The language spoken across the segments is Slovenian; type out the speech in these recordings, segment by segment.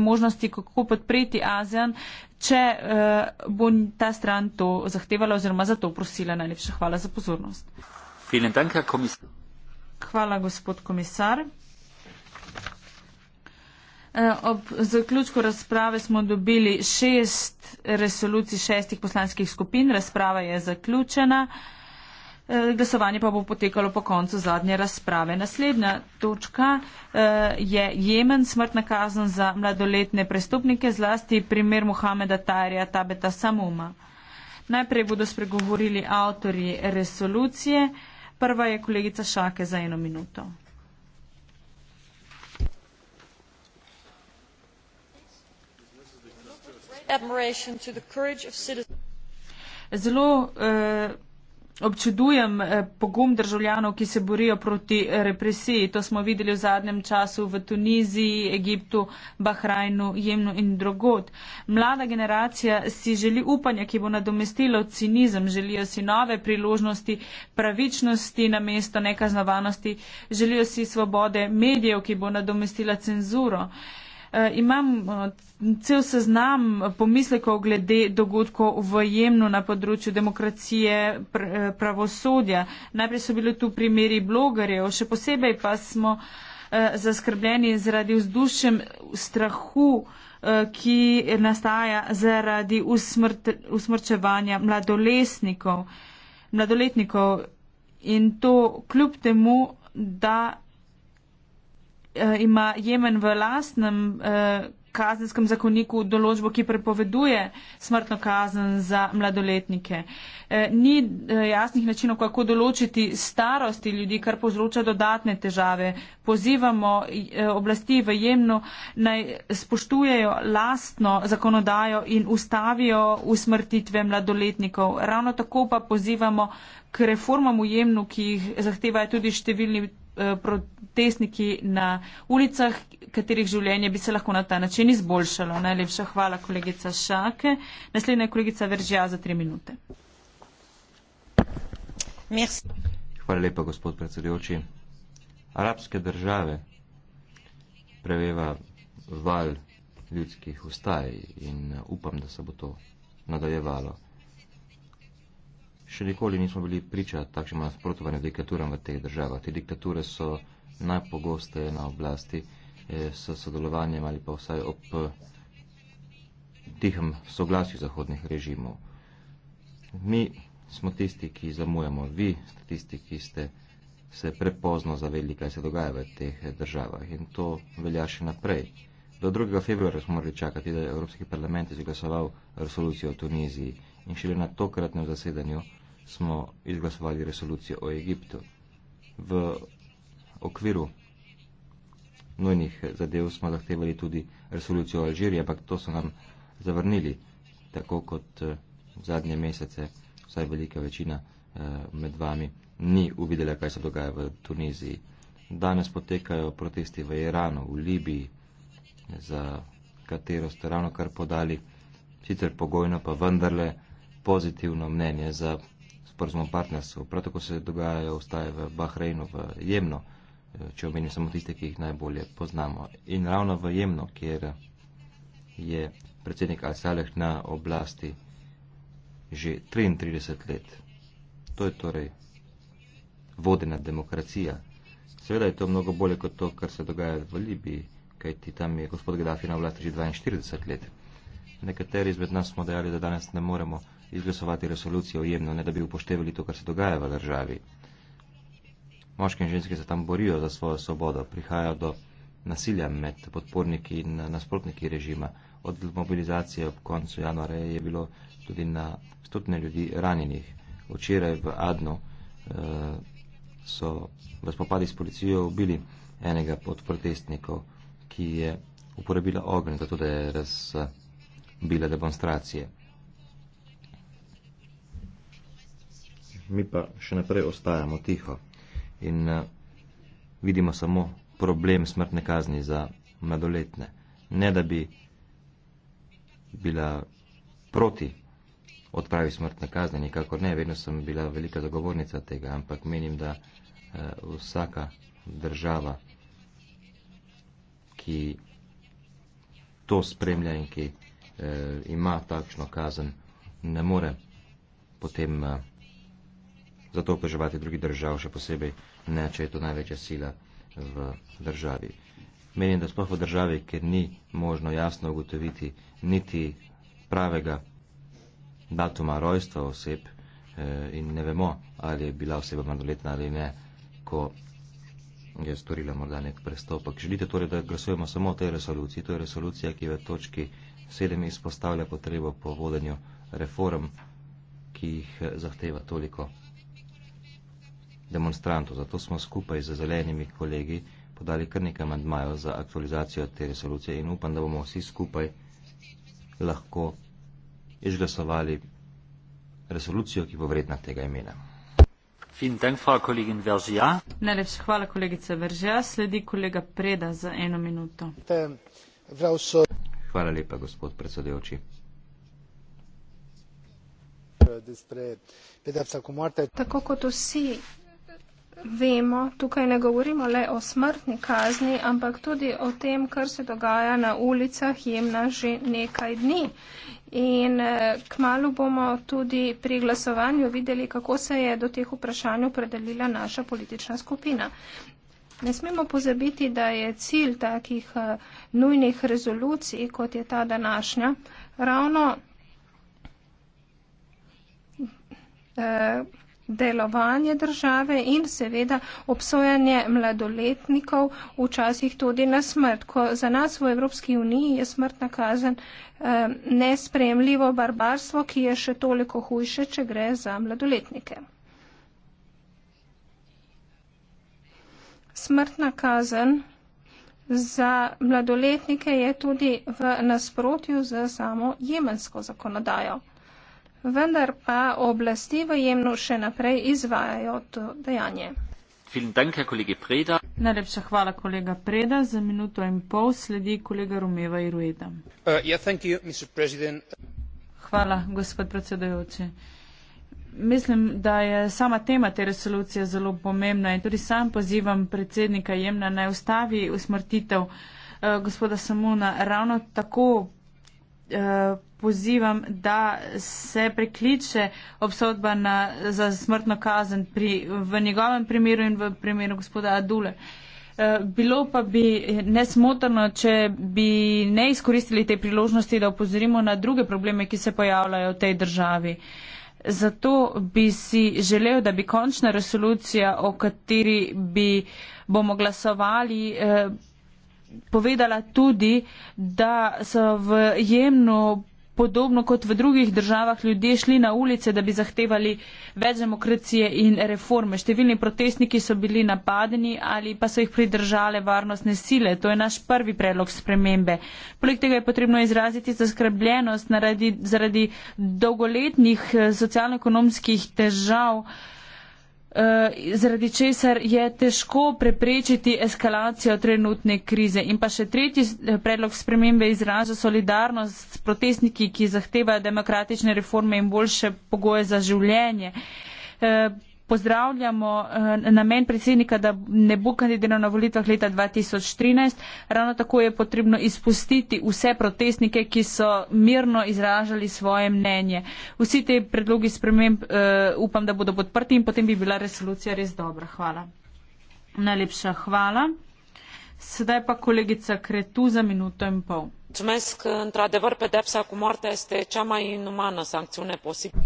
možnosti, kako podpreti ASEAN, če uh, bo ta stran to zahtevala oziroma za to prosila. Najlepša hvala za pozornost. Hvala, gospod komisar. Eh, ob zaključku razprave smo dobili šest resolucij šestih poslanskih skupin. Razprava je zaključena. Eh, glasovanje pa bo potekalo po koncu zadnje razprave. Naslednja točka eh, je Jemen, smrtna kazen za mladoletne prestopnike, zlasti primer Mohameda Tarija Tabeta Samuma. Najprej bodo spregovorili avtori resolucije. Prva je kolegica Šake za eno minuto. Zelo uh, Občudujem eh, pogum državljanov, ki se borijo proti represiji. To smo videli v zadnjem času v Tuniziji, Egiptu, Bahrajnu, Jemnu in drugod. Mlada generacija si želi upanja, ki bo nadomestila cinizem, želijo si nove priložnosti, pravičnosti na mesto nekaznovanosti, želijo si svobode medijev, ki bo nadomestila cenzuro. Eh, imam eh, cel seznam pomislekov glede dogodkov v Jemnu na področju demokracije pr eh, pravosodja. Najprej so bili tu primeri blogerjev, še posebej pa smo zaskrbljeni zaradi vzdušem strahu, ki nastaja zaradi usmrt, usmrčevanja mladoletnikov. In to kljub temu, da uh, ima Jemen v lastnem uh, kazenskem zakoniku določbo, ki prepoveduje smrtno kazen za mladoletnike. Uh, ni uh, jasnih načinov, kako določiti starosti ljudi, kar povzroča dodatne težave. Pozivamo uh, oblasti v Jemnu naj spoštujejo lastno zakonodajo in ustavijo usmrtitve mladoletnikov. Ravno tako pa pozivamo k reformam v Jemnu, ki jih zahtevajo tudi številni Eh, protestniki na ulicah, katerih življenje bi se lahko na ta način izboljšalo. Najlepša hvala, kolegica Šake. Naslednja je kolegica Veržija za tri minute. Merci. Hvala lepa, gospod predsedujoči. Arabske države preveva val ljudskih ustaj in eh, upam, da se bo to nadaljevalo še nikoli nismo bili priča takšnemu nasprotovanju diktaturam v teh državah. Te diktature so najpogosteje na oblasti eh, s sodelovanjem ali pa vsaj ob eh, tihem soglasju zahodnih režimov. Mi smo tisti, ki zamujamo, vi ste tisti, ki ste se prepozno zavedli, kaj se dogaja v teh državah in to velja še naprej. Do 2. februarja smo morali čakati, da je Evropski parlament izglasoval resolucijo o Tuniziji in šele na tokratnem zasedanju smo izglasovali resolucijo o Egiptu. V okviru nujnih zadev smo zahtevali tudi resolucijo o Alžiriji, ampak to so nam zavrnili, tako kot eh, zadnje mesece, vsaj velika večina eh, med vami ni uvidela, kaj se dogaja v Tuniziji. Danes potekajo protesti v Iranu, v Libiji, za katero ste ravno kar podali, sicer pogojno, pa vendarle pozitivno mnenje za sporozumom partnerstvu. Prav tako se dogajajo ustaje v Bahreinu, v Jemnu, eh, če omenim samo tiste, ki jih najbolje poznamo. In ravno v Jemnu, kjer je predsednik Al-Saleh na oblasti že 33 let. To je torej vodena demokracija. Seveda je to mnogo bolje kot to, kar se dogaja v Libiji, kajti tam je gospod Gaddafi na oblasti že 42 let. Nekateri izmed nas smo dejali, da danes ne moremo izglasovati resolucijo o jemnu, ne da bi upoštevali to, kar se dogaja v državi. Moški in ženske se tam borijo za svojo svobodo, prihajajo do nasilja med podporniki in nasprotniki režima. Od mobilizacije ob koncu januarja je bilo tudi na stotne ljudi ranjenih. Včeraj v Adnu eh, so v spopadi s policijo ubili enega od protestnikov, ki je uporabila ogenj, zato da je razbila demonstracije. mi pa še naprej ostajamo tiho in uh, vidimo samo problem smrtne kazni za mladoletne. Ne da bi bila proti odpravi smrtne kazni, nikakor ne, vedno sem bila velika zagovornica tega, ampak menim, da uh, vsaka država, ki to spremlja in ki uh, ima takšno kazen, ne more potem. Uh, zato obtoževati drugih držav, še posebej ne, če je to največja sila v državi. Menim, da sploh v državi, ker ni možno jasno ugotoviti niti pravega datuma rojstva oseb eh, in ne vemo, ali je bila oseba mladoletna ali ne, ko je storila morda nek prestopek. Želite torej, da glasujemo samo o tej resoluciji. To je resolucija, ki v točki 7 izpostavlja potrebo po vodenju reform, ki jih zahteva toliko demonstrantov. Zato smo skupaj z zelenimi kolegi podali kar nekaj amandmajev za aktualizacijo te resolucije in upam, da bomo vsi skupaj lahko izglasovali resolucijo, ki bo vredna tega imena. Najlepša hvala, kolegica Veržja. Sledi kolega Preda za eno minuto. Hvala lepa, gospod predsedujoči. Tako kot vsi vemo, tukaj ne govorimo le o smrtni kazni, ampak tudi o tem, kar se dogaja na ulicah jemna že nekaj dni. In eh, kmalo bomo tudi pri glasovanju videli, kako se je do teh vprašanj opredelila naša politična skupina. Ne smemo pozabiti, da je cilj takih eh, nujnih rezolucij, kot je ta današnja, ravno. Eh, delovanje države in seveda obsojanje mladoletnikov, včasih tudi na smrt. Ko za nas v Evropski uniji je smrt nakazan eh, nespremljivo barbarstvo, ki je še toliko hujše, če gre za mladoletnike. Smrtna kazen za mladoletnike je tudi v nasprotju z samo jemensko zakonodajo vendar pa oblasti v Jemnu še naprej izvajajo to dejanje. Najlepša hvala, kolega Preda. Za minuto in pol sledi kolega Romeva Irueda. Uh, yeah, you, hvala, gospod predsedojoči. Mislim, da je sama tema te resolucije zelo pomembna in tudi sam pozivam predsednika Jemna naj ustavi usmrtitev uh, gospoda Samuna ravno tako pozivam, da se prekliče obsodba na, za smrtno kazen pri, v njegovem primeru in v primeru gospoda Adule. Eh, bilo pa bi nesmotrno, če bi ne izkoristili te priložnosti, da opozorimo na druge probleme, ki se pojavljajo v tej državi. Zato bi si želel, da bi končna resolucija, o kateri bi bomo glasovali, eh, povedala tudi, da so v Jemnu podobno kot v drugih državah ljudje šli na ulice, da bi zahtevali več demokracije in reforme. Številni protestniki so bili napadeni ali pa so jih pridržale varnostne sile. To je naš prvi predlog spremembe. Poleg tega je potrebno izraziti zaskrbljenost naradi, zaradi dolgoletnih eh, socialno-ekonomskih težav. Eh, zaradi česar je težko preprečiti eskalacijo trenutne krize. In pa še tretji eh, predlog spremembe izraža solidarnost s protestniki, ki zahtevajo demokratične reforme in boljše pogoje za življenje. Eh, pozdravljamo eh, namen predsednika, da ne bo kandidiral na volitvah leta 2013. Ravno tako je potrebno izpustiti vse protestnike, ki so mirno izražali svoje mnenje. Vsi te predlogi sprememb uh, upam, da bodo podprti in potem bi bila resolucija res dobra. Hvala. Najlepša hvala. Sedaj pa kolegica Kretu za minuto in pol într adevăr pedeapsa cu moartea este cea mai inumană sancțiune posibilă.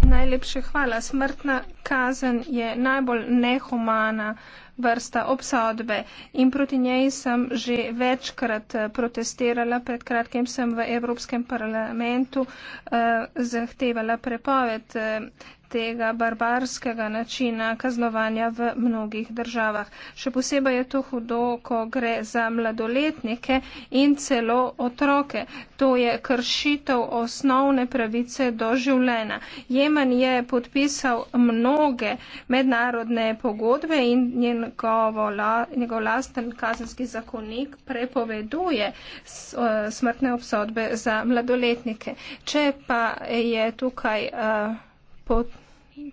Smrtna kazen je najbolj nehumana vrsta obsodbe in proti njej sem že večkrat eh, protestirala. Pred kratkim sem v Evropskem parlamentu uh, zahtevala prepoved uh, tega barbarskega načina kaznovanja v mnogih državah. Še posebej je to hudo, ko gre za mladoletnike in celo otroke. To je kršitev osnovne pravice do življenja. Jemen je podpisal mnoge mednarodne pogodbe in njegov lasten kazenski zakonik prepoveduje smrtne obsodbe za mladoletnike. Če pa je tukaj uh, eh, pot,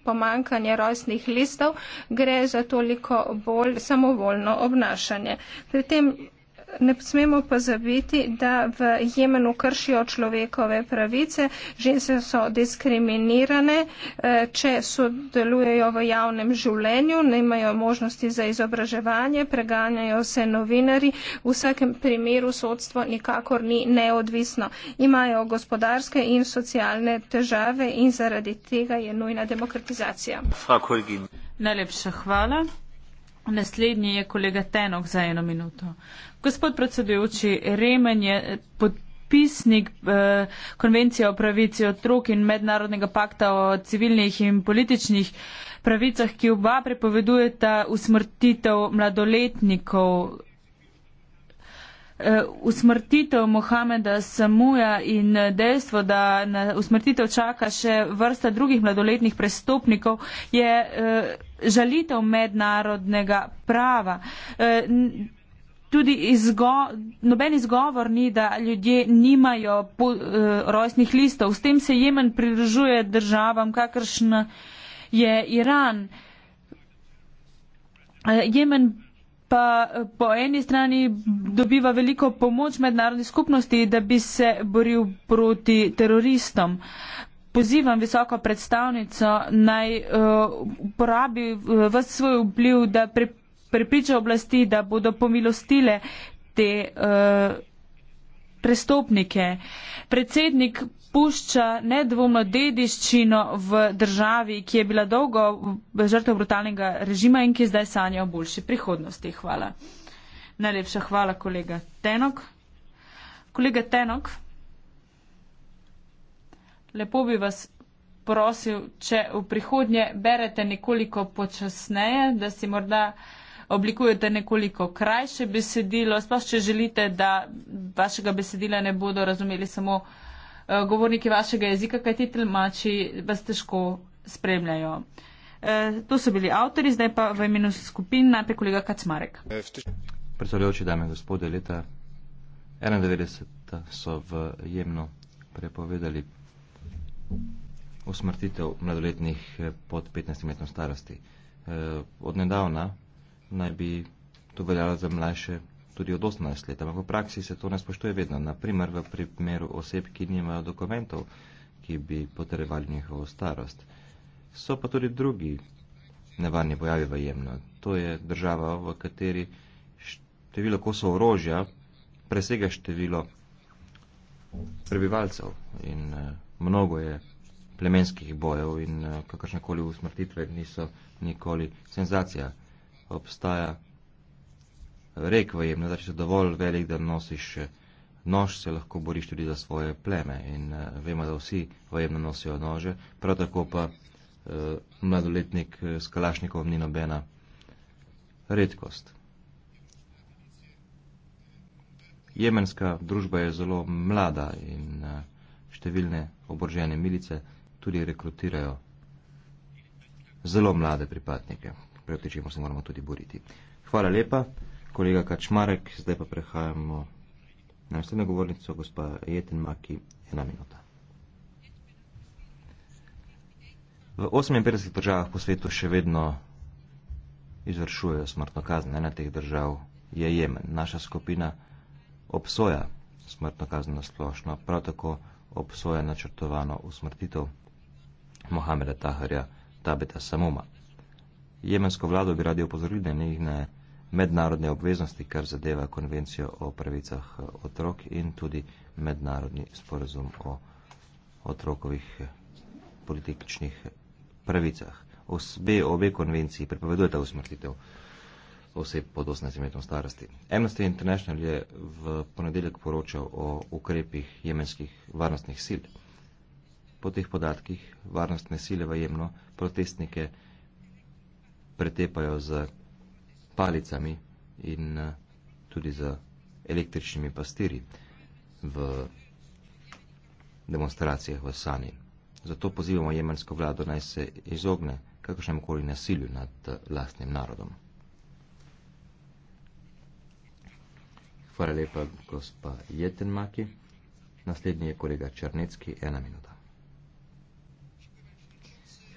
pomankanje rojstnih listov, gre za toliko bolj samovoljno obnašanje. Pri tem ne smemo pa zabiti, da v Jemenu kršijo človekove pravice, ženske so diskriminirane, eh, če sodelujejo v javnem življenju, ne imajo možnosti za izobraževanje, preganjajo se novinari, v vsakem primeru sodstvo nikakor ni neodvisno. Imajo gospodarske in socialne težave in zaradi tega je nujna demokratizacija. Najlepša hvala. Naslednji je kolega Tenok za eno minuto. Gospod predsedujoči, Remen je eh, podpisnik eh, konvencije o pravici otrok in mednarodnega pakta o civilnih in političnih pravicah, ki oba prepovedujeta usmrtitev mladoletnikov. Eh, usmrtitev Mohameda Samuja in eh, dejstvo, da na usmrtitev čaka še vrsta drugih mladoletnih prestopnikov, je eh, žalitev mednarodnega prava. Tudi izgo, noben izgovor ni, da ljudje nimajo po, uh, rojstnih listov. S tem se Jemen pridružuje državam, kakršna je Iran. Uh, Jemen pa eh, po eni strani dobiva veliko pomoč mednarodni skupnosti, da bi se boril proti teroristom. Pozivam visoko predstavnico naj uh, eh, porabi eh, v svoj vpliv, da pri, pripriča oblasti, da bodo pomilostile te uh, prestopnike. Predsednik pušča nedvomno dediščino v državi, ki je bila dolgo žrtev brutalnega režima in ki zdaj sanja o boljši prihodnosti. Hvala. Najlepša hvala, kolega Tenok. Kolega Tenok, lepo bi vas prosil, če v prihodnje berete nekoliko počasneje, da si morda oblikujete nekoliko krajše besedilo, sploh če želite, da vašega besedila ne bodo razumeli samo Eh, govorniki vašega jezika, kaj ti tlmači vas težko spremljajo. E, to so bili avtori, zdaj pa v imenu skupin najprej kolega Kacmarek. Predstavljajoči dame in gospode, leta 91 so v Jemnu prepovedali usmrtitev mladoletnih eh, pod 15 letom starosti. E, od nedavna naj bi to veljalo za mlajše tudi od 18 let, ampak v praksi se to ne spoštuje vedno. Naprimer, v primeru oseb, ki nimajo dokumentov, ki bi potrebovali njihovo starost. So pa tudi drugi nevarni pojavi v jemno. To je država, v kateri število kosov orožja presega število prebivalcev in eh, mnogo je plemenskih bojev in eh, kakršnekoli usmrtitve niso nikoli senzacija. Obstaja rekel jim, da če si dovolj velik, da nosiš eh, nož, se lahko boriš tudi za svoje pleme. In uh, vemo, da vsi vojemno nosijo nože, prav tako pa uh, mladoletnik s kalašnikom ni nobena redkost. Jemenska družba je zelo mlada in uh, številne oborožene milice tudi rekrutirajo zelo mlade pripadnike, proti čemu se moramo tudi boriti. Hvala lepa kolega Kačmarek, zdaj pa prehajamo na naslednjo govornico, gospa Jetenmaki, ena minuta. V 58 državah po svetu še vedno izvršujejo smrtno kazen. Ena teh držav je Jemen. Naša skupina obsoja smrtno kazen na splošno, prav tako obsoja načrtovano usmrtitev Mohameda Taharja Tabeta Samuma. Jemensko vlado bi radi opozorili, da ne jih ne mednarodne obveznosti, kar zadeva konvencijo o pravicah eh, otrok in tudi mednarodni sporazum o otrokovih eh, političnih pravicah. Osbe, obe konvenciji prepovedujeta usmrtitev oseb pod 18 metrom starosti. Amnesty International je v ponedeljek poročal o ukrepih jemenskih varnostnih sil. Po teh podatkih varnostne sile v Jemno protestnike pretepajo z palicami in eh, tudi z električnimi pastiri v demonstracijah v Sani. Zato pozivamo jemensko vlado naj se izogne kakšnem koli nasilju nad eh, lastnim narodom. Hvala lepa, gospa Jetenmaki. Naslednji je kolega Črnecki, ena minuta.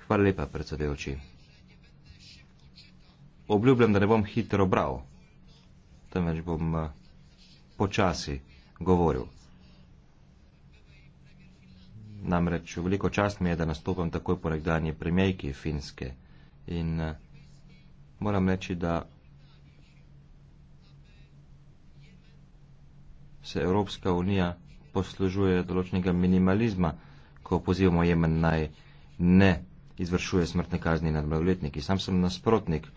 Hvala lepa, predsedujoči obljubljam, da ne bom hitro bral, temveč bom eh, počasi govoril. Namreč veliko čast mi je, da nastopam takoj po nekdanji premijejki finske in eh, moram reči, da se Evropska unija poslužuje določnega minimalizma, ko pozivamo Jemen naj ne izvršuje smrtne kazni nad mladoletniki. Sam sem nasprotnik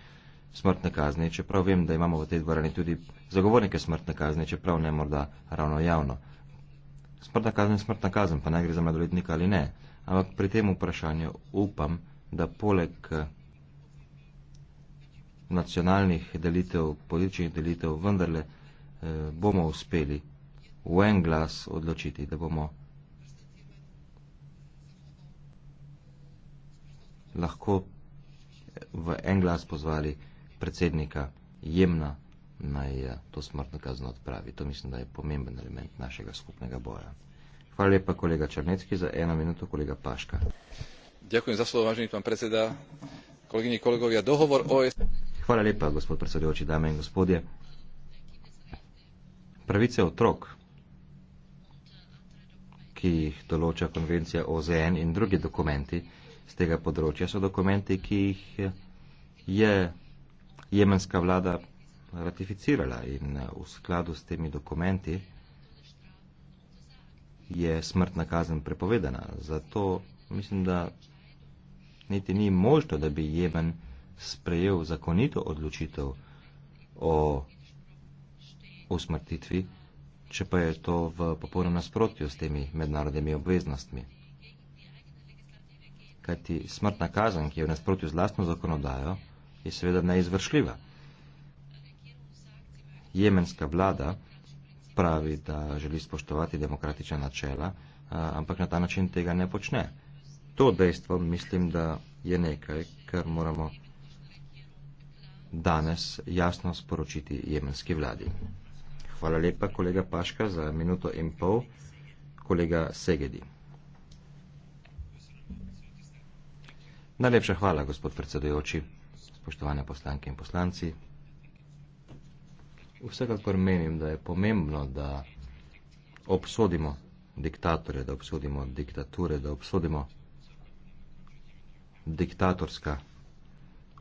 smrtne kazni, čeprav vem, da imamo v tej dvorani tudi zagovornike smrtne kazni, čeprav ne morda ravno javno. Smrtna kazen je smrtna kazen, pa naj gre za mladoletnika ali ne. Ampak pri tem vprašanju upam, da poleg eh, nacionalnih delitev, političnih delitev, vendarle eh, bomo uspeli v en glas odločiti, da bomo lahko eh, v en glas pozvali predsednika Jemna naj eh, to smrtno kazno odpravi. To mislim, da je pomemben element našega skupnega boja. Hvala lepa, kolega Črnecki, za eno minuto, kolega Paška. Ďakujem za slovo, vážený pán predseda. Kolegyni, kolegovia, dohovor o... OS... Hvala lepa, gospod predsedujoči, dame in gospodje. Pravice otrok, ki jih določa konvencija OZN in drugi dokumenti z tega področja, so dokumenti, ki jih je jemenska vlada ratificirala in eh, v skladu s temi dokumenti je smrtna kazen prepovedana. Zato mislim, da niti ni možno, da bi Jemen sprejel zakonito odločitev o usmrtitvi, če pa je to v popolnem nasprotju s temi mednarodnimi obveznostmi. Kajti smrtna kazen, ki je v nasprotju z lastno zakonodajo, je seveda neizvršljiva. Jemenska vlada pravi, da želi spoštovati demokratična načela, ampak na ta način tega ne počne. To dejstvo mislim, da je nekaj, kar moramo danes jasno sporočiti jemenski vladi. Hvala lepa, kolega Paška, za minuto in pol, kolega Segedi. Najlepša hvala, gospod predsedujoči spoštovane poslanke in poslanci. Vsekakor menim, da je pomembno, da obsodimo diktatorje, da obsodimo diktature, da obsodimo diktatorska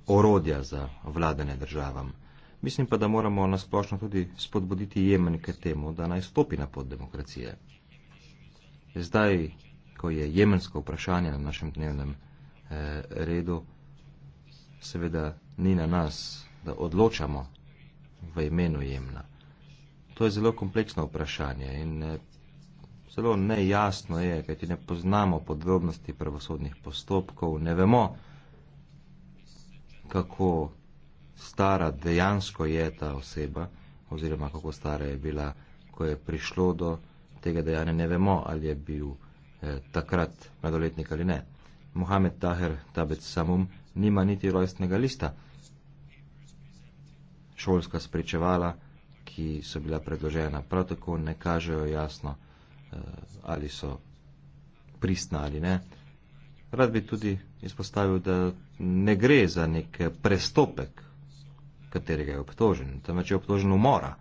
orodja za vladanje državam. Mislim pa, da moramo nasplošno tudi spodbuditi Jemen k temu, da naj stopi na pot demokracije. Zdaj, ko je jemensko vprašanje na našem dnevnem eh, redu, seveda ni na nas, da odločamo v imenu jemna. To je zelo kompleksno vprašanje in eh, zelo nejasno je, kajti ne poznamo podrobnosti pravosodnih postopkov, ne vemo, kako stara dejansko je ta oseba oziroma kako stara je bila, ko je prišlo do tega dejanja. Ne vemo, ali je bil eh, takrat mladoletnik ali ne. Mohamed Taher Tabet Samum nima niti rojstnega lista. Šolska sprečevala, ki so bila predložena, prav tako ne kažejo jasno, eh, ali so pristna ali ne. Rad bi tudi izpostavil, da ne gre za nek prestopek, katerega je obtožen, temveč je obtožen umora.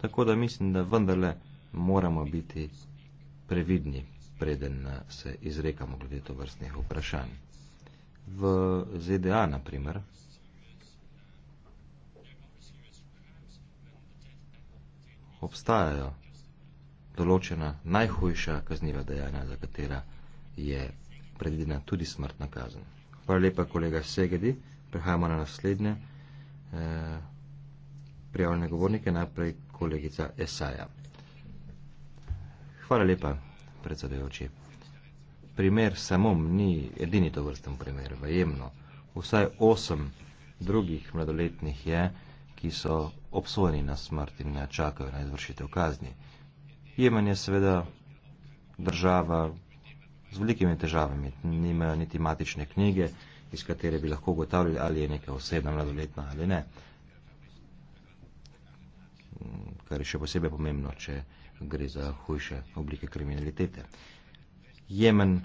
Tako da mislim, da vendarle moramo biti previdni, preden eh, se izrekamo glede to vrstnih vprašanj v ZDA, naprimer. Obstajajo določena najhujša kazniva dejanja, za katera je predvidena tudi smrtna kazen. Hvala lepa, kolega Segedi. Prehajamo na naslednje eh, prijavljene govornike, najprej kolegica Esaja. Hvala lepa, predsedujoči primer samo, ni edini to vrsten primer, vajemno. Vsaj osem drugih mladoletnih je, ki so obsojeni na smrt in ne čakajo na izvršitev kazni. Jemen je seveda država z velikimi težavami, nimajo niti matične knjige, iz katere bi lahko ugotavljali, ali je neka osebna mladoletna ali ne. Kar je še posebej pomembno, če gre za hujše oblike kriminalitete. Jemen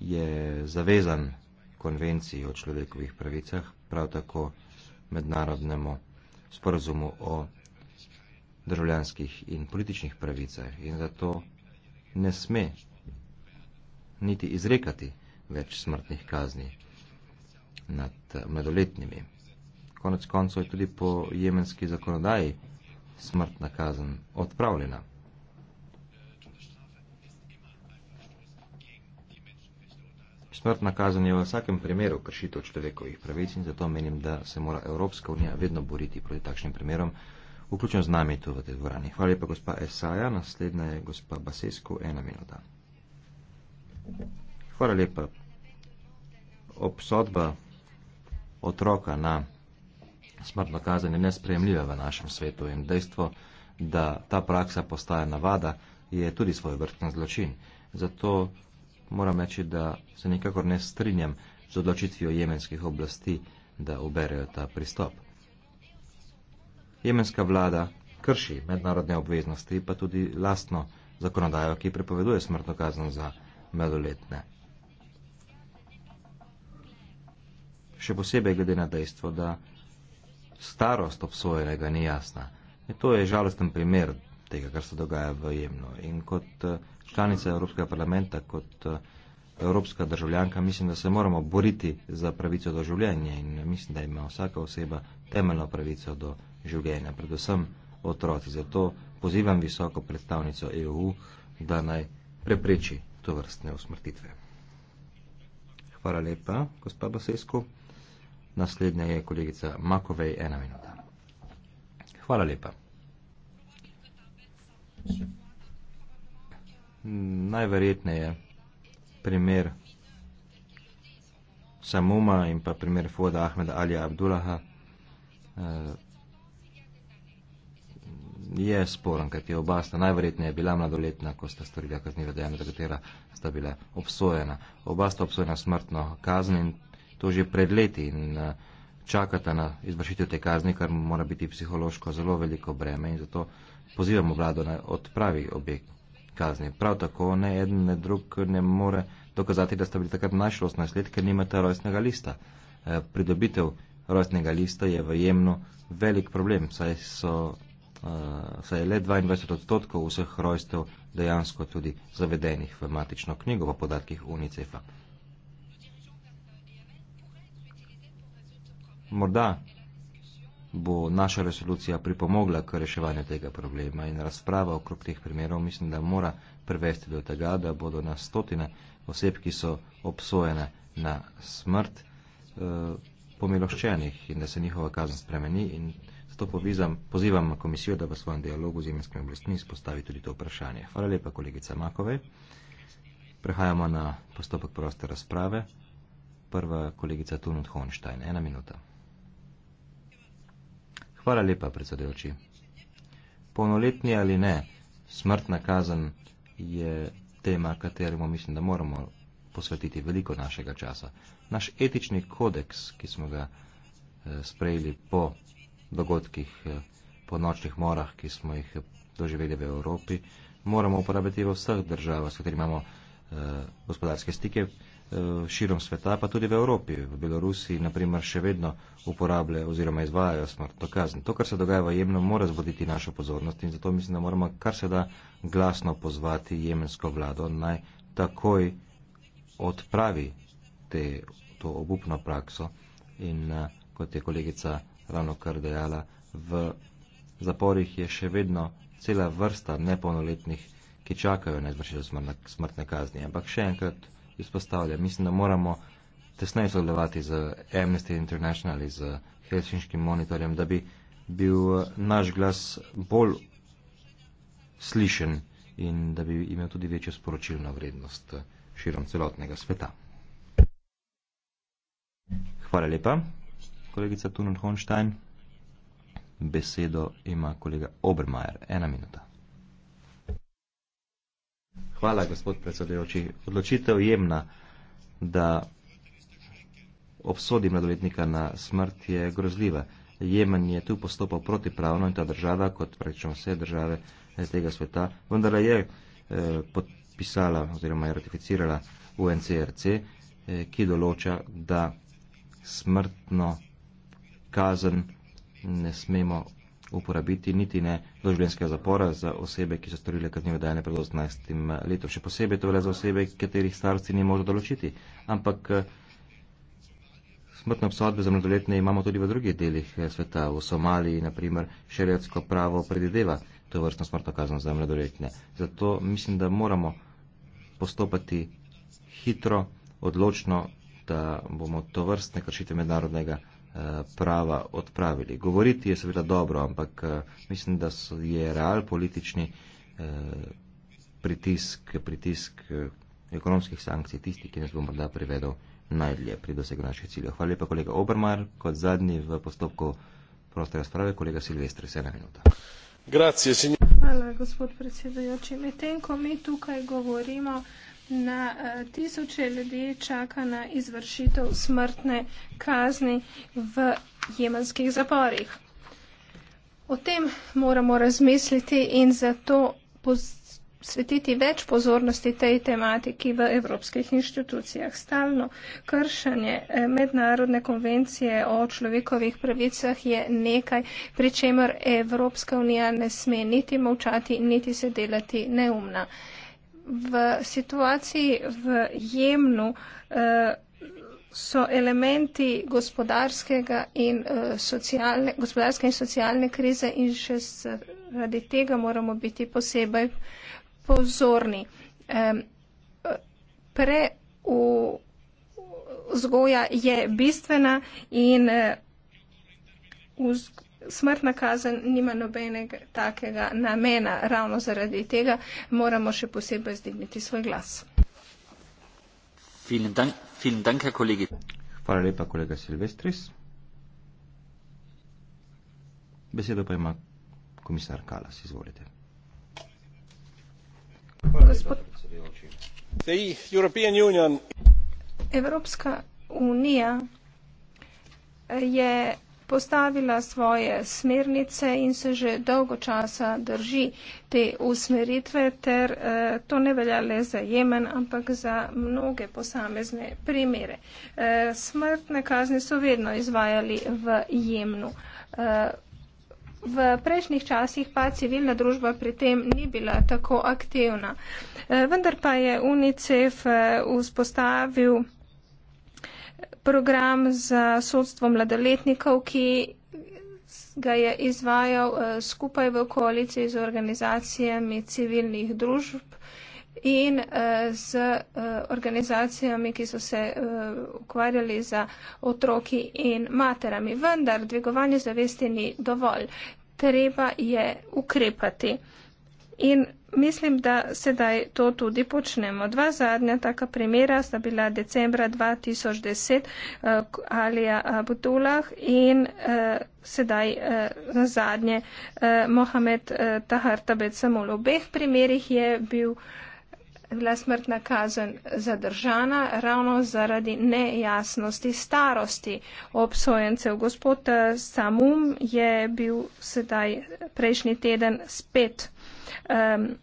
je zavezan konvenciji o človekovih pravicah, prav tako mednarodnemu sporazumu o državljanskih in političnih pravicah in zato ne sme niti izrekati več smrtnih kazni nad mladoletnimi. Konec koncev je tudi po jemenski zakonodaji smrtna kazen odpravljena. smrt nakazan je v vsakem primeru kršitev človekovih pravic in zato menim, da se mora Evropska unija vedno boriti proti takšnim primerom, vključno z nami tu v tej dvorani. Hvala lepa, gospa Esaja. Naslednja je gospa Basesko, ena minuta. Hvala lepa. Obsodba otroka na smrtno kazen je nesprejemljiva v našem svetu in dejstvo, da ta praksa postaja navada, je tudi svoj vrtni zločin. Zato moram reči, da se nikakor ne strinjam z odločitvijo jemenskih oblasti, da uberejo ta pristop. Jemenska vlada krši mednarodne obveznosti, pa tudi lastno zakonodajo, ki prepoveduje smrtno kazen za mladoletne. Še posebej glede na dejstvo, da starost obsojenega ni jasna. In to je žalosten primer tega, kar se dogaja v Jemnu. In kot uh, članica Evropskega parlamenta, kot eh, evropska državljanka, mislim, da se moramo boriti za pravico do življenja in mislim, da ima vsaka oseba temeljno pravico do življenja, predvsem otroci. Zato pozivam visoko predstavnico EU, da naj prepreči to vrstne usmrtitve. Hvala lepa, gospa Basesko. Naslednja je kolegica Makovej, ena minuta. Hvala lepa. Hvala lepa najverjetneje primer Samuma in pa primer Foda Ahmeda Alija Abdullaha eh, je sporen, ker ti oba sta najverjetneje bila mladoletna, ko sta storila kaznivo dejanje, za katera sta bila obsojena. Oba sta obsojena smrtno kazni in to že pred leti in eh, čakata na izvršitev te kazni, kar mora biti psihološko zelo veliko breme in zato pozivamo vlado na odpravi objekt kazni. Prav tako ne eden, ne drug ne more dokazati, da ste bili takrat našli 18 let, ker nimate rojstnega lista. Eh, pridobitev rojstnega lista je v jemnu velik problem, saj, so, eh, saj je le 22 odstotkov vseh rojstev dejansko tudi zavedenih v matično knjigo v podatkih UNICEF-a. Morda bo naša resolucija pripomogla k reševanju tega problema in razprava okrog teh primerov mislim, da mora prevesti do tega, da bodo na stotine oseb, ki so obsojene na smrt, eh, pomiloščenih in da se njihova kazen spremeni in zato povizam, pozivam komisijo, da v svojem dialogu z imenskimi oblastmi izpostavi tudi to vprašanje. Hvala lepa, kolegica Makovej. Prehajamo na postopek proste razprave. Prva kolegica Tunut Honštajn, ena minuta. Hvala lepa, predsedujoči. Polnoletni ali ne, smrtna kazen je tema, kateremu mislim, da moramo posvetiti veliko našega časa. Naš etični kodeks, ki smo ga eh, sprejeli po dogodkih, eh, po nočnih morah, ki smo jih eh, doživeli v Evropi, moramo uporabiti v vseh državah, s katerimi imamo gospodarske stike, Eh, širom sveta, pa tudi v Evropi, v Belorusiji, naprimer, še vedno uporabljajo oziroma izvajajo smrtno kazen. To, kar se dogaja v Jemnu, mora zvoditi našo pozornost in zato mislim, da moramo kar se da glasno pozvati jemensko vlado naj takoj odpravi te, to obupno prakso in, eh, kot je kolegica ravno kar dejala, v zaporih je še vedno cela vrsta nepolnoletnih, ki čakajo na izvršitev smrtne kazni. Ampak še enkrat izpostavlja. Mislim, da moramo tesneje sodelovati z Amnesty International ali z Helsinškim monitorjem, da bi bil eh, naš glas bolj slišen in da bi imel tudi večjo sporočilno vrednost eh, širom celotnega sveta. Hvala lepa, kolegica Tunan Honštajn. Besedo ima kolega Obermajer. Ena minuta. Hvala, gospod predsedujoči. Odločitev jemna, da obsodi mladoletnika na smrt je grozljiva. Jemen je tu postopal protipravno in ta država, kot rečemo vse države iz eh, tega sveta, vendar je eh, podpisala oziroma je ratificirala UNCRC, eh, ki določa, da smrtno kazen ne smemo uporabiti niti ne doživljenjskega zapora za osebe, ki so storile kaznivo dejanje pred 18 letom. Še posebej to velja za osebe, katerih starci ni možno določiti. Ampak eh, smrtne obsodbe za mladoletne imamo tudi v drugih delih eh, sveta. V Somaliji, na primer, šerijatsko pravo predideva to vrstno smrtno kazen za mladoletne. Zato mislim, da moramo postopati hitro, odločno, da bomo to vrstne kršitve mednarodnega Eh, prava odpravili. Govoriti je seveda dobro, ampak eh, mislim, da je real politični eh, pritisk, pritisk ekonomskih sankcij tisti, ki nas bo morda privedel najdlje pri dosegu naših ciljev. Hvala lepa, kolega Obermar, kot zadnji v postopku proste razprave, kolega Silvestr, sedem minuta. Grazie, Hvala, gospod predsedujoči. Medtem, ko mi tukaj govorimo, na eh, tisoče ljudi čaka na izvršitev smrtne kazni v jemenskih zaporih. O tem moramo razmisliti in zato posvetiti več pozornosti tej tematiki v evropskih inštitucijah. Stalno kršanje eh, mednarodne konvencije o človekovih pravicah je nekaj, pri čemer Evropska unija ne sme niti molčati, niti se delati neumna v situaciji v Jemnu eh, so elementi gospodarskega in, eh, socialne, gospodarske in socialne krize in še zaradi tega moramo biti posebej pozorni. Eh, pre v vzgoja je bistvena in eh, smrtna kazen nima nobenega takega namena. Ravno zaradi tega moramo še posebej zdigniti svoj glas. Vielen dank, Herr Kollege. Hvala lepa, kolega Silvestris. Besedo pa ima komisar Kalas, izvolite. Gospod, Evropska unija je postavila svoje smernice in se že dolgo časa drži te usmeritve, ter eh, to ne velja le za Jemen, ampak za mnoge posamezne primere. Eh, smrtne kazni so vedno izvajali v Jemnu. Eh, V prejšnjih časih pa civilna družba pri tem ni bila tako aktivna. Eh, vendar pa je UNICEF eh, vzpostavil program za sodstvo mladoletnikov, ki ga je izvajal eh, skupaj v koaliciji z organizacijami civilnih družb in eh, z eh, organizacijami, ki so se ukvarjali za otroki in materami. Vendar dvigovanje zavesti ni dovolj. Treba je ukrepati. In mislim, da sedaj to tudi počnemo. Dva zadnja taka primera sta bila decembra 2010 uh, eh, Alija Abdullah in uh, sedaj uh, eh, na zadnje uh, Mohamed uh, Tahar Tabet Samul. V obeh primerih je bil, bila smrtna kazen zadržana ravno zaradi nejasnosti starosti obsojencev. Gospod uh, Samum je bil sedaj prejšnji teden spet um,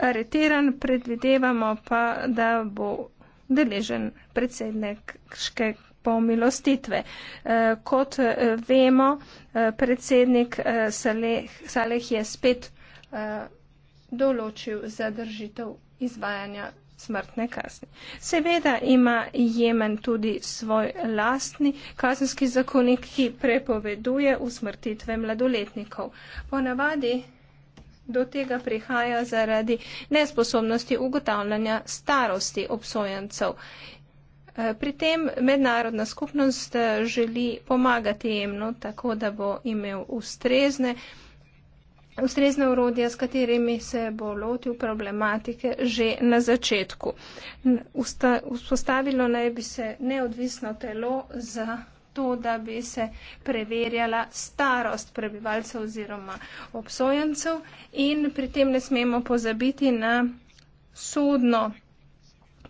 areteran, predvidevamo pa, da bo deležen predsedniške pomilostitve. Kot eh, vemo, eh, predsednik eh, Saleh, Saleh je spet določil zadržitev izvajanja smrtne kazni. Seveda ima Jemen tudi svoj lastni kazenski zakonik, ki prepoveduje usmrtitve mladoletnikov. Ponavadi Do tega prihaja zaradi nesposobnosti ugotavljanja starosti obsojencev. E, pri tem mednarodna skupnost e, želi pomagati jemno, tako da bo imel ustrezne, ustrezne urodja, s katerimi se bo lotil problematike že na začetku. Usta, vzpostavilo naj bi se neodvisno telo za to, da bi se preverjala starost prebivalcev oziroma obsojencev in pri tem ne smemo pozabiti na sodno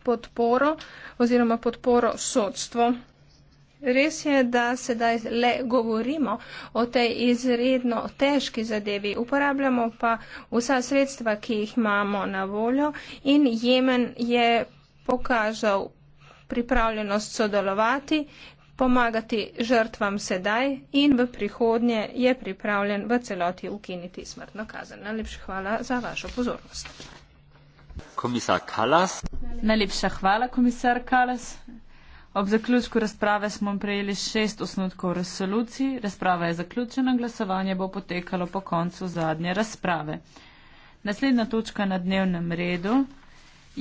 podporo oziroma podporo sodstvo. Res je, da sedaj le govorimo o tej izredno težki zadevi, uporabljamo pa vsa sredstva, ki jih imamo na voljo in Jemen je pokazal pripravljenost sodelovati, pomagati žrtvam sedaj in v prihodnje je pripravljen v celoti ukiniti smrtno kazen. Najlepša hvala za vašo pozornost. Komisar Kalas. Najlepša hvala, komisar Kalas. Ob zaključku razprave smo prejeli šest osnutkov resolucij. Razprava je zaključena, glasovanje bo potekalo po koncu zadnje razprave. Naslednja točka na dnevnem redu